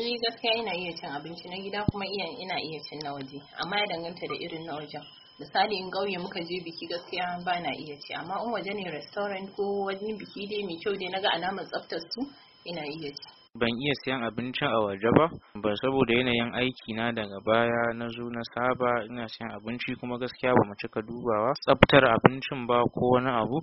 Ni gaskiya ina iya cin abinci na gida kuma iya ina iya cin na waje amma ya danganta da irin na wajen. Misali in gauye muka je biki gaskiya ba na iya ci amma in waje ne restaurant ko wani biki dai mai kyau dai naga alamar tsaftar su ina iya ci. Ban iya siyan abinci a waje ba, ba saboda yanayin aiki na daga baya na zo na saba ina siyan abinci kuma gaskiya ba mu cika dubawa tsaftar abincin ba ko wani abu.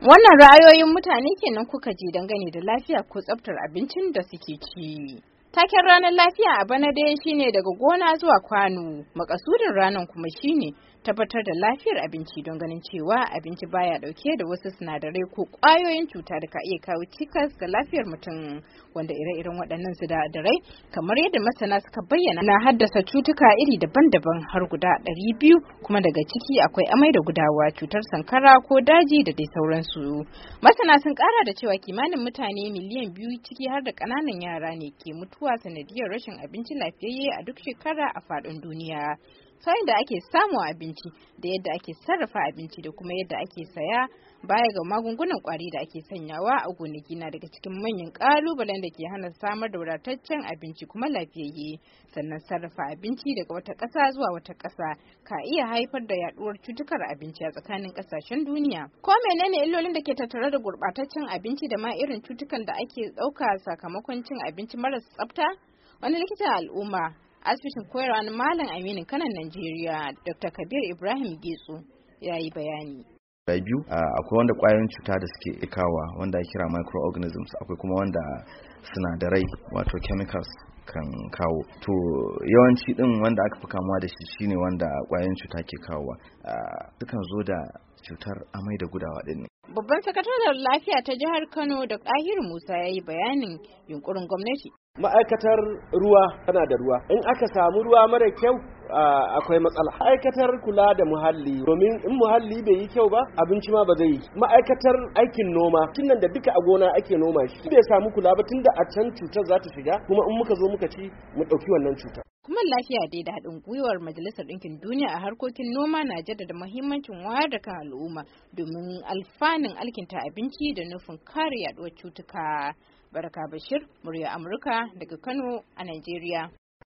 Wannan ra'ayoyin mutane kenan kuka ji dangane da lafiya ko tsaftar abincin da suke ci. Taken ranar lafiya a bana daya shine daga gona zuwa kwano. Makasudin ranar kuma shine tabbatar da lafiyar abinci don ganin cewa abinci baya dauke da wasu sinadarai ko kwayoyin cuta da ka iya kawo cikas ga lafiyar mutum wanda ire-iren waɗannan sinadarai kamar yadda masana suka bayyana na haddasa cutuka iri daban-daban har guda ɗari biyu kuma daga ciki akwai amai da gudawa cutar sankara ko daji da dai sauransu masana sun ƙara da cewa kimanin mutane miliyan biyu ciki har da ƙananan yara ne ke mutuwa zuwa sanadiyar rashin abinci lafiyayye a duk shekara a faɗin duniya ta da ake samu abinci da yadda ake sarrafa abinci da kuma yadda ake saya baya ga magungunan kwari da ake sanyawa a gonaki na daga cikin manyan kalubalen da ke hana samar da wadataccen abinci kuma lafiyayye sannan sarrafa abinci daga wata ƙasa zuwa wata ƙasa ka iya haifar da yaduwar cutukar abinci a tsakanin ƙasashen duniya ko menene illolin da ke tattare da gurɓataccen abinci da ma irin cutukan da ake ɗauka sakamakon cin abinci marasa tsafta wani likita al'umma asibitin koyarwa na malam aminu kanan najeriya dr kabir ibrahim getsu ya yi bayani guda biyu akwai wanda kwayoyin cuta da suke ikawa wanda kira microorganisms akwai kuma wanda sinadarai wato chemicals kan kawo to yawanci din wanda aka fi kamuwa da shi shine wanda kwayoyin cuta ke kawowa sukan zo da cutar amai da gudawa din ne babban sakataren lafiya ta jihar kano da Kahir musa ya yi bayanin yunkurin gwamnati ma'aikatar ruwa tana da ruwa in aka samu ruwa mara kyau akwai matsala ma'aikatar kula da muhalli domin in muhalli bai yi kyau ba abinci ma ba zai yi ma'aikatar aikin noma nan da duka a gona ake noma shi bai samu kula ba tun da a can cutar za ta shiga kuma in muka zo muka ci mu ɗauki wannan cutar Kuma lafiya dai da haɗin gwiwar Majalisar Ɗinkin Duniya a harkokin noma na jaddada muhimmancin wayar da kan al'umma domin alfanin alkinta abinci da nufin kare yaduwar cutuka. Baraka Bashir, murya Amurka daga Kano a Najeriya.